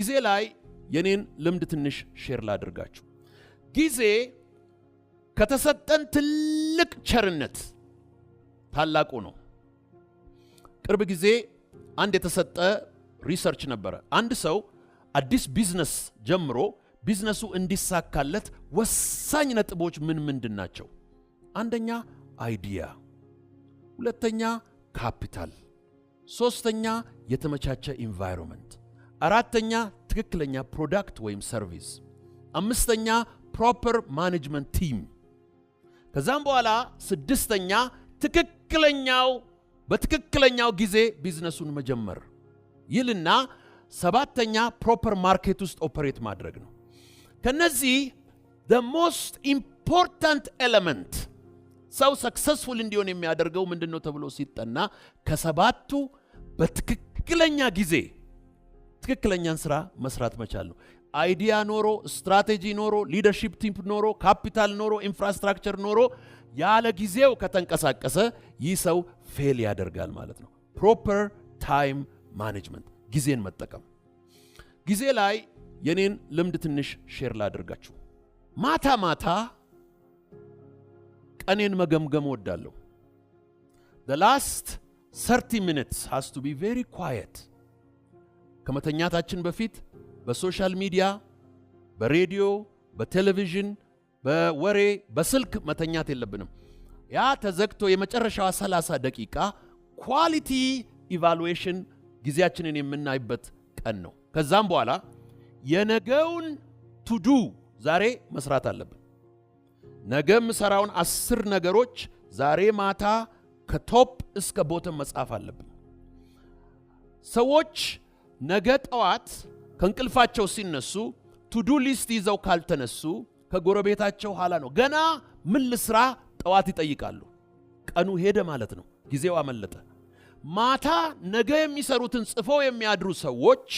ጊዜ ላይ የኔን ልምድ ትንሽ ሼር ላድርጋችሁ። ጊዜ ከተሰጠን ትልቅ ቸርነት ታላቁ ነው። ቅርብ ጊዜ አንድ የተሰጠ ሪሰርች ነበረ። አንድ ሰው አዲስ ቢዝነስ ጀምሮ ቢዝነሱ እንዲሳካለት ወሳኝ ነጥቦች ምን ምንድን ናቸው? አንደኛ አይዲያ፣ ሁለተኛ ካፒታል፣ ሶስተኛ የተመቻቸ ኢንቫይሮንመንት አራተኛ ትክክለኛ ፕሮዳክት ወይም ሰርቪስ፣ አምስተኛ ፕሮፐር ማኔጅመንት ቲም፣ ከዛም በኋላ ስድስተኛ ትክክለኛው በትክክለኛው ጊዜ ቢዝነሱን መጀመር ይልና ሰባተኛ ፕሮፐር ማርኬት ውስጥ ኦፐሬት ማድረግ ነው። ከነዚህ the ሞስት ኢምፖርታንት ኤለመንት ሰው ሰክሰስፉል እንዲሆን የሚያደርገው ምንድን ነው ተብሎ ሲጠና ከሰባቱ በትክክለኛ ጊዜ ትክክለኛን ስራ መስራት መቻል ነው። አይዲያ ኖሮ፣ ስትራቴጂ ኖሮ፣ ሊደርሺፕ ቲም ኖሮ፣ ካፒታል ኖሮ፣ ኢንፍራስትራክቸር ኖሮ ያለ ጊዜው ከተንቀሳቀሰ ይህ ሰው ፌል ያደርጋል ማለት ነው። ፕሮፐር ታይም ማኔጅመንት፣ ጊዜን መጠቀም። ጊዜ ላይ የኔን ልምድ ትንሽ ሼር ላደርጋችሁ። ማታ ማታ ቀኔን መገምገም ወዳለሁ ላስት 30 ሚኒትስ has ቱ ቢ very ኳየት ከመተኛታችን በፊት በሶሻል ሚዲያ፣ በሬዲዮ፣ በቴሌቪዥን፣ በወሬ፣ በስልክ መተኛት የለብንም። ያ ተዘግቶ የመጨረሻዋ 30 ደቂቃ ኳሊቲ ኢቫሉዌሽን ጊዜያችንን የምናይበት ቀን ነው። ከዛም በኋላ የነገውን ቱዱ ዛሬ መስራት አለብን። ነገ የምሰራውን አስር ነገሮች ዛሬ ማታ ከቶፕ እስከ ቦተም መጻፍ አለብን። ሰዎች ነገ ጠዋት ከእንቅልፋቸው ሲነሱ ቱዱ ሊስት ይዘው ካልተነሱ ከጎረቤታቸው ኋላ ነው። ገና ምን ልስራ ጠዋት ይጠይቃሉ። ቀኑ ሄደ ማለት ነው። ጊዜው አመለጠ። ማታ ነገ የሚሰሩትን ጽፈው የሚያድሩ ሰዎች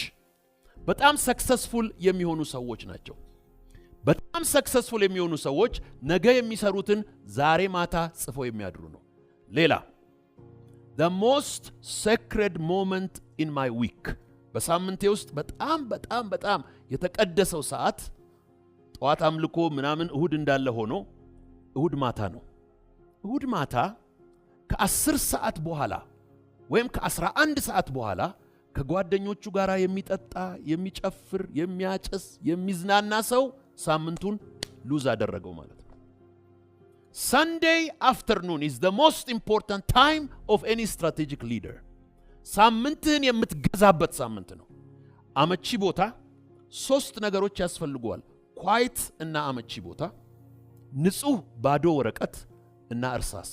በጣም ሰክሰስፉል የሚሆኑ ሰዎች ናቸው። በጣም ሰክሰስፉል የሚሆኑ ሰዎች ነገ የሚሰሩትን ዛሬ ማታ ጽፈው የሚያድሩ ነው። ሌላ the most sacred moment in my week በሳምንቴ ውስጥ በጣም በጣም በጣም የተቀደሰው ሰዓት ጠዋት አምልኮ ምናምን እሁድ እንዳለ ሆኖ እሁድ ማታ ነው። እሁድ ማታ ከአስር ሰዓት በኋላ ወይም ከአስራ አንድ ሰዓት በኋላ ከጓደኞቹ ጋር የሚጠጣ የሚጨፍር፣ የሚያጨስ የሚዝናና ሰው ሳምንቱን ሉዝ አደረገው ማለት ነው። ሰንዴይ አፍተርኑን ኢዝ ደ ሞስት ኢምፖርታንት ታይም ኦፍ ኤኒ ስትራቴጂክ ሊደር ሳምንትህን የምትገዛበት ሳምንት ነው። አመቺ ቦታ ሶስት ነገሮች ያስፈልገዋል። ኳይት እና አመቺ ቦታ፣ ንጹህ ባዶ ወረቀት እና እርሳስ።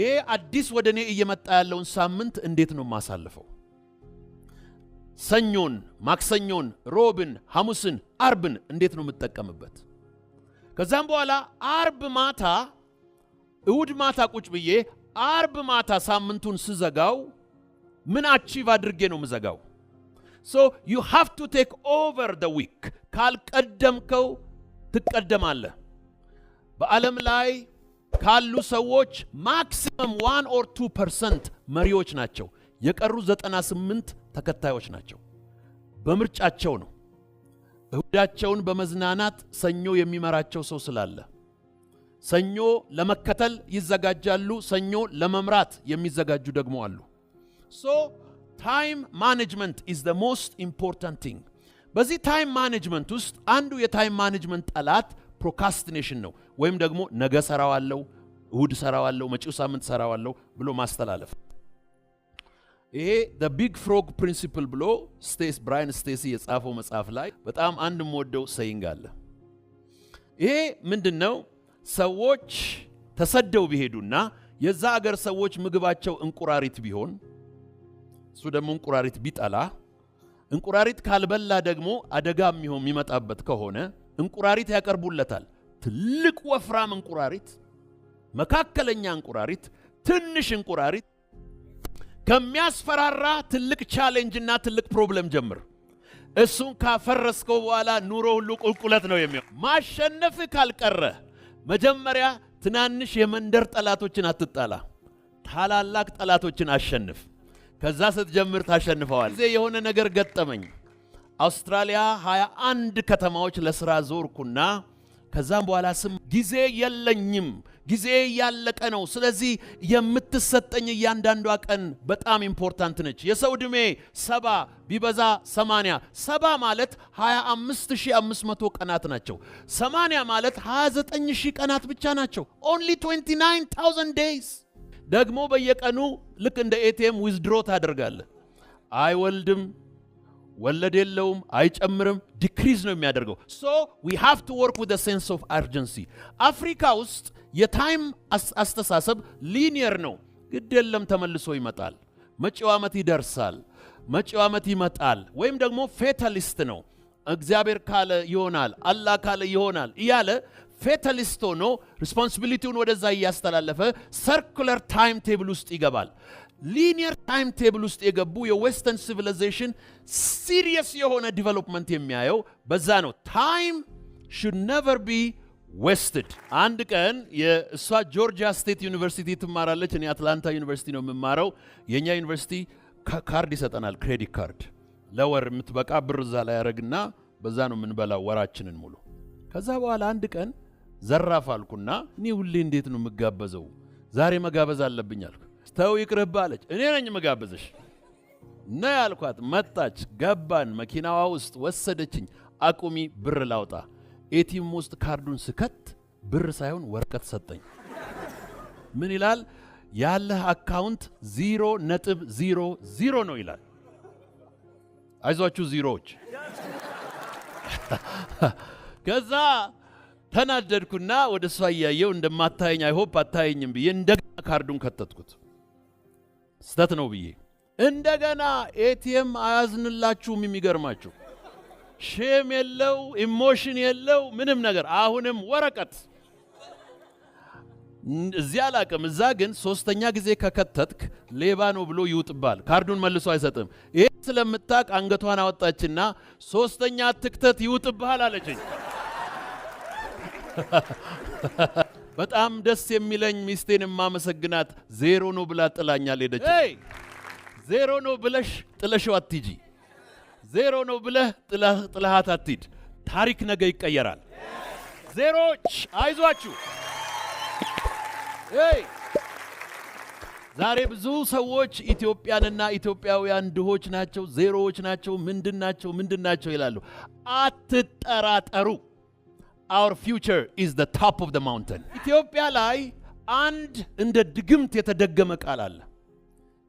ይሄ አዲስ ወደ እኔ እየመጣ ያለውን ሳምንት እንዴት ነው የማሳልፈው? ሰኞን፣ ማክሰኞን፣ ሮብን፣ ሐሙስን፣ አርብን እንዴት ነው የምጠቀምበት? ከዛም በኋላ አርብ ማታ እሁድ ማታ ቁጭ ብዬ አርብ ማታ ሳምንቱን ስዘጋው ምን አቺቭ አድርጌ ነው ምዘጋው? ሶ ዩ ሃቭ ቱ ቴክ ኦቨር ደ ዊክ። ካልቀደምከው ትቀደማለህ። በዓለም ላይ ካሉ ሰዎች ማክሲመም ዋን ኦር ቱ ፐርሰንት መሪዎች ናቸው። የቀሩ 98 ተከታዮች ናቸው። በምርጫቸው ነው። እሁዳቸውን በመዝናናት ሰኞ የሚመራቸው ሰው ስላለ ሰኞ ለመከተል ይዘጋጃሉ። ሰኞ ለመምራት የሚዘጋጁ ደግሞ አሉ። ሶ ታይም ማኔጅመንት ኢዝ ዘ ሞስት ኢምፖርታንት ቲንግ። በዚህ ታይም ማኔጅመንት ውስጥ አንዱ የታይም ማኔጅመንት ጠላት ፕሮካስቲኔሽን ነው፣ ወይም ደግሞ ነገ ሰራዋለው፣ እሁድ ሰራዋለው፣ መጪው ሳምንት ሰራዋለው ብሎ ማስተላለፍ። ይሄ ዘ ቢግ ፍሮግ ፕሪንሲፕል ብሎ ስቴስ ብራያን ስቴሲ የጻፈው መጽሐፍ ላይ በጣም አንድ የምወደው ሰይንግ አለ። ይሄ ምንድን ነው? ሰዎች ተሰደው ቢሄዱና የዛ አገር ሰዎች ምግባቸው እንቁራሪት ቢሆን እሱ ደግሞ እንቁራሪት ቢጠላ እንቁራሪት ካልበላ ደግሞ አደጋ የሚሆን የሚመጣበት ከሆነ እንቁራሪት ያቀርቡለታል። ትልቅ ወፍራም እንቁራሪት፣ መካከለኛ እንቁራሪት፣ ትንሽ እንቁራሪት ከሚያስፈራራ ትልቅ ቻሌንጅና ትልቅ ፕሮብለም ጀምር። እሱን ካፈረስከው በኋላ ኑሮ ሁሉ ቁልቁለት ነው የሚሆን። ማሸነፍ ካልቀረ መጀመሪያ ትናንሽ የመንደር ጠላቶችን አትጣላ ታላላቅ ጠላቶችን አሸንፍ። ከዛ ስትጀምር ታሸንፈዋል። ጊዜ የሆነ ነገር ገጠመኝ። አውስትራሊያ 21 ከተማዎች ለስራ ዞርኩና ከዛም በኋላ ስም ጊዜ የለኝም ጊዜ እያለቀ ነው። ስለዚህ የምትሰጠኝ እያንዳንዷ ቀን በጣም ኢምፖርታንት ነች። የሰው ዕድሜ ሰባ ቢበዛ ሰማንያ ሰባ ማለት 25500 ቀናት ናቸው። ሰማንያ ማለት 29000 ቀናት ብቻ ናቸው። ኦንሊ 29000 ዴይዝ። ደግሞ በየቀኑ ልክ እንደ ኤቲኤም ዊዝድሮ ታደርጋለህ። አይወልድም ወለድ የለውም፣ አይጨምርም፣ ዲክሪዝ ነው የሚያደርገው። ሶ ዊ ሃቭ ቱ ወርክ ዊዝ ሴንስ ኦፍ አርጀንሲ። አፍሪካ ውስጥ የታይም አስተሳሰብ ሊኒየር ነው። ግድ የለም ተመልሶ ይመጣል፣ መጪው ዓመት ይደርሳል፣ መጪው ዓመት ይመጣል። ወይም ደግሞ ፌታሊስት ነው። እግዚአብሔር ካለ ይሆናል፣ አላህ ካለ ይሆናል እያለ ፌታሊስት ሆኖ ሪስፖንሲቢሊቲውን ወደዛ እያስተላለፈ ሰርኩለር ታይም ቴብል ውስጥ ይገባል። ሊኒየር ታይም ቴብል ውስጥ የገቡ የዌስተርን ሲቪላይዜሽን ሲሪየስ የሆነ ዲቨሎፕመንት የሚያየው በዛ ነው። ታይም ሹድ ነቨር ቢ ዌስትድ። አንድ ቀን የእሷ ጆርጂያ ስቴት ዩኒቨርሲቲ ትማራለች፣ እኔ አትላንታ ዩኒቨርሲቲ ነው የምማረው። የእኛ ዩኒቨርሲቲ ካርድ ይሰጠናል፣ ክሬዲት ካርድ ለወር የምትበቃ ብር እዛ ላይ ያደረግና በዛ ነው የምንበላው ወራችንን ሙሉ። ከዛ በኋላ አንድ ቀን ዘራፍ አልኩና እኔ ሁሌ እንዴት ነው የምጋበዘው? ዛሬ መጋበዝ አለብኝ አልኩ። ተው ይቅርብ አለች። እኔ ነኝ መጋበዝሽ ነ ያልኳት። መጣች፣ ገባን። መኪናዋ ውስጥ ወሰደችኝ። አቁሚ፣ ብር ላውጣ። ኤቲም ውስጥ ካርዱን ስከት ብር ሳይሆን ወረቀት ሰጠኝ። ምን ይላል? ያለህ አካውንት ዚሮ ነጥብ ዚሮ ዚሮ ነው ይላል። አይዟችሁ ዚሮዎች። ከዛ ተናደድኩና ወደ እሷ እያየው እንደማታየኝ አይሆፕ አታየኝም ብዬ እንደገና ካርዱን ከተትኩት። ስተት ነው ብዬ እንደገና ኤቲኤም አያዝንላችሁም። የሚገርማችሁ ሼም የለው ኢሞሽን የለው ምንም ነገር። አሁንም ወረቀት እዚህ አላቅም እዛ ግን ሶስተኛ ጊዜ ከከተትክ ሌባ ነው ብሎ ይውጥባል። ካርዱን መልሶ አይሰጥም። ይሄ ስለምታቅ አንገቷን አወጣችና ሶስተኛ ትክተት ይውጥብሃል አለችኝ። በጣም ደስ የሚለኝ ሚስቴን የማመሰግናት ዜሮ ነው ብላ ጥላኛ ሄደች። ዜሮ ነው ብለሽ ጥለሽው አትጂ። ዜሮ ነው ብለህ ጥለሃት አትሂድ። ታሪክ ነገ ይቀየራል። ዜሮዎች አይዟችሁ። ዛሬ ብዙ ሰዎች ኢትዮጵያንና ኢትዮጵያውያን ድሆች ናቸው፣ ዜሮዎች ናቸው፣ ምንድን ናቸው ምንድን ናቸው ይላሉ። አትጠራጠሩ። our future is the top of the mountain. ኢትዮጵያ ላይ አንድ እንደ ድግምት የተደገመ ቃል አለ።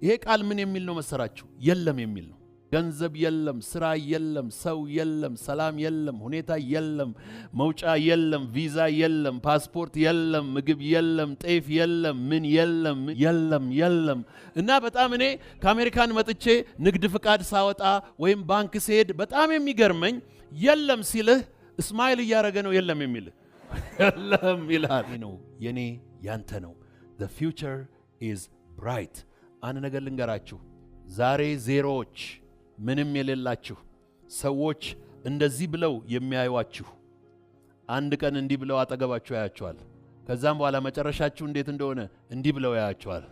ይሄ ቃል ምን የሚል ነው መሰራችሁ? የለም የሚል ነው። ገንዘብ የለም፣ ስራ የለም፣ ሰው የለም፣ ሰላም የለም፣ ሁኔታ የለም፣ መውጫ የለም፣ ቪዛ የለም፣ ፓስፖርት የለም፣ ምግብ የለም፣ ጤፍ የለም፣ ምን የለም፣ የለም፣ የለም እና በጣም እኔ ከአሜሪካን መጥቼ ንግድ ፍቃድ ሳወጣ ወይም ባንክ ስሄድ በጣም የሚገርመኝ የለም ሲልህ እስማኤል እያደረገ ነው የለም የሚል የለም ይላል ነው የኔ ያንተ ነው። ዘ ፊውቸር ኢዝ ብራይት። አንድ ነገር ልንገራችሁ፣ ዛሬ ዜሮዎች ምንም የሌላችሁ ሰዎች እንደዚህ ብለው የሚያዩዋችሁ አንድ ቀን እንዲህ ብለው አጠገባችሁ ያያችኋል። ከዛም በኋላ መጨረሻችሁ እንዴት እንደሆነ እንዲህ ብለው ያያችኋል።